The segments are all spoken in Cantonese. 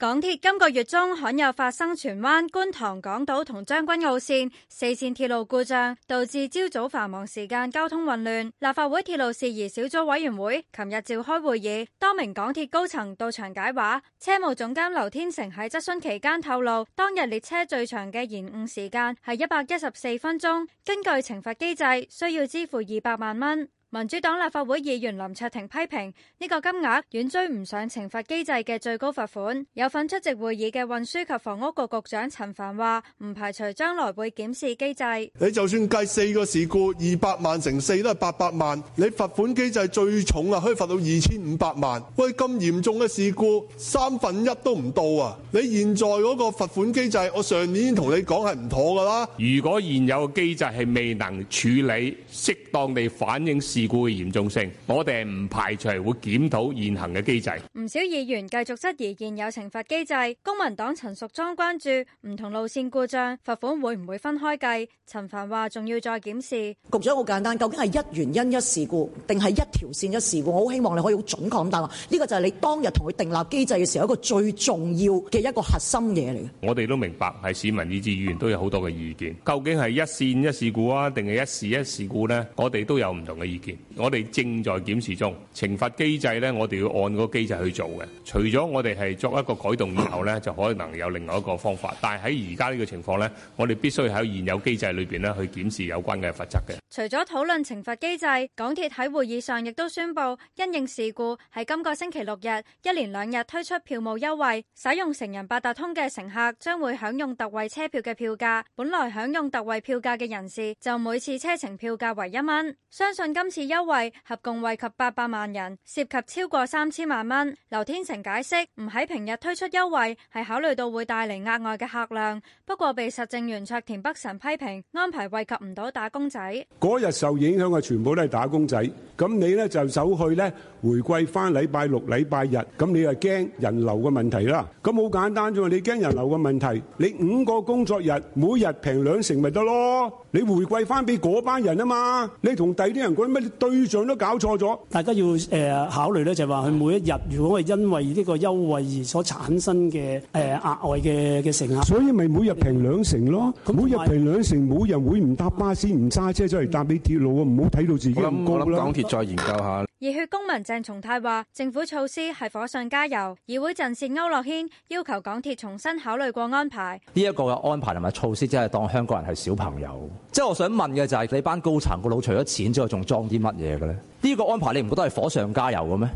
港鐵今個月中罕有發生荃灣、觀塘、港島同將軍澳線四線鐵路故障，導致朝早繁忙時間交通混亂。立法會鐵路事宜小組委員會琴日召開會議，多名港鐵高層到場解話。車務總監劉天成喺質詢期間透露，當日列車最長嘅延誤時間係一百一十四分鐘，根據懲罰機制，需要支付二百萬蚊。民主黨立法會議員林卓廷批評呢個金額遠追唔上懲罰機制嘅最高罰款。有份出席會議嘅運輸及房屋局局長陳帆話：唔排除將來會檢視機制。你就算計四個事故，二百萬乘四都係八百萬。你罰款機制最重啊，可以罰到二千五百萬。喂，咁嚴重嘅事故，三分一都唔到啊！你現在嗰個罰款機制，我上年同你講係唔妥㗎啦。如果現有嘅機制係未能處理，適當地反映。事故嘅嚴重性，我哋唔排除會檢討現行嘅機制。唔少議員繼續質疑現有懲罰機制。公民黨陳淑莊關注唔同路線故障罰款會唔會分開計，陳帆話仲要再檢視。局長好簡單，究竟係一原因一事故定係一條線一事故？我好希望你可以好準確咁答我。呢個就係你當日同佢訂立機制嘅時候一個最重要嘅一個核心嘢嚟嘅。我哋都明白係市民以致議員都有好多嘅意見。究竟係一線一事故啊，定係一事一事故咧？我哋都有唔同嘅意見。我哋正在檢視中，懲罰機制呢，我哋要按嗰個機制去做嘅。除咗我哋係作一個改動以後呢，就可能有另外一個方法。但係喺而家呢個情況呢，我哋必須喺現有機制裏邊呢去檢視有關嘅罰則嘅。除咗討論懲罰機制，港鐵喺會議上亦都宣布，因應事故，喺今個星期六日一連兩日推出票務優惠，使用成人八達通嘅乘客將會享用特惠車票嘅票價。本來享用特惠票價嘅人士，就每次車程票價為一蚊。相信今次優惠合共惠及八百萬人，涉及超過三千萬蚊。劉天成解釋唔喺平日推出優惠，係考慮到會帶嚟額外嘅客量。不過被實政圓桌田北辰批評，安排惠及唔到打工仔。嗰日受影響嘅全部都係打工仔，咁你咧就走去咧回饋返禮拜六、禮拜日，咁你就驚人流嘅問題啦？咁好簡單啫嘛，你驚人流嘅問題，你五個工作日每日平兩成咪得咯？你回饋返俾嗰班人啊嘛，你同第啲人講乜？對象都搞錯咗，大家要誒、呃、考慮咧，就係話佢每一日，如果係因為呢個優惠而所產生嘅誒額外嘅嘅乘客，所以咪每日平兩成咯，嗯、每日平兩成，嗯、成，每日會唔搭巴士唔揸車出嚟搭俾鐵路啊，唔好睇到自己咁高啦。港鐵再研究下。熱血公民鄭松泰話：政府措施係火上加油。議會陣線區諾軒要求港鐵重新考慮過安排。呢、這、一個嘅安排同埋措施，真係當香港人係小朋友。即係我想問嘅就係、是、你班高層個腦除咗錢之外，仲裝啲乜嘢嘅咧？呢個安排你唔覺得係火上加油嘅咩？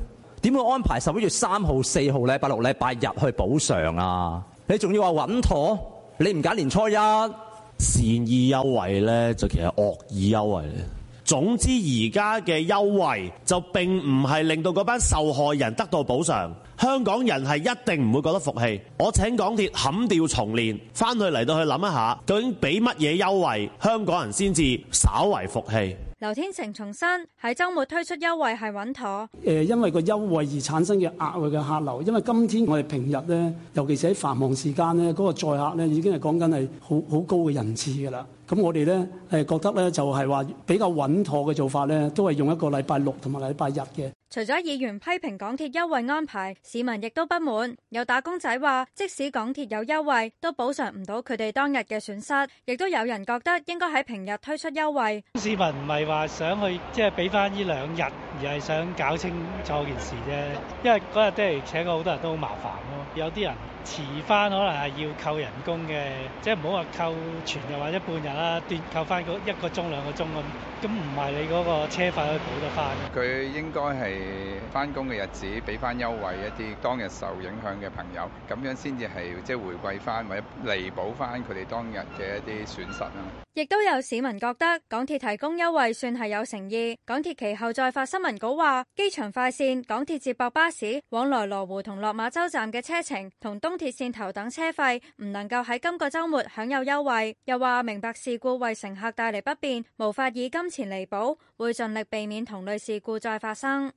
點會安排十一月三號、四號禮拜六、禮拜日，日去補償啊？你仲要話穩妥？你唔揀年初一，善意優惠咧就其實惡意優惠咧。總之而家嘅優惠就並唔係令到嗰班受害人得到補償。香港人係一定唔會覺得服氣。我請港鐵砍掉重練，翻去嚟到去諗一下，究竟俾乜嘢優惠，香港人先至稍為服氣。劉天成重申，喺週末推出優惠係穩妥。呃，因為個優惠而產生嘅額外嘅客流，因為今天我哋平日咧，尤其是喺繁忙時間咧，嗰個載客咧已經係講緊係好好高嘅人次㗎啦。咁我哋咧係覺得咧就係話比較穩妥嘅做法咧，都係用一個禮拜六同埋禮拜日嘅。除咗議員批評港鐵優惠安排，市民亦都不滿。有打工仔話，即使港鐵有優惠，都補償唔到佢哋當日嘅損失。亦都有人覺得應該喺平日推出優惠。市民唔係話想去，即係俾翻呢兩日，而係想搞清楚件事啫。因為嗰日的而且確好多人都好麻煩咯，啊。有啲人遲翻可能係要扣人工嘅，即係唔好話扣全日或者半日啦，斷扣翻一個鐘兩個鐘咁，咁唔係你嗰個車費可以補得翻。佢應該係。誒，翻工嘅日子俾翻優惠一啲當日受影響嘅朋友，咁樣先至係即係回饋翻或者彌補翻佢哋當日嘅一啲損失啦。亦都有市民覺得港鐵提供優惠算係有誠意。港鐵其後再發新聞稿話，機場快綫、港鐵接駁巴士往來羅湖同落馬洲站嘅車程同東鐵綫頭等車費唔能夠喺今個週末享有優惠。又話明白事故為乘客帶嚟不便，無法以金錢彌補，會盡力避免同類事故再發生。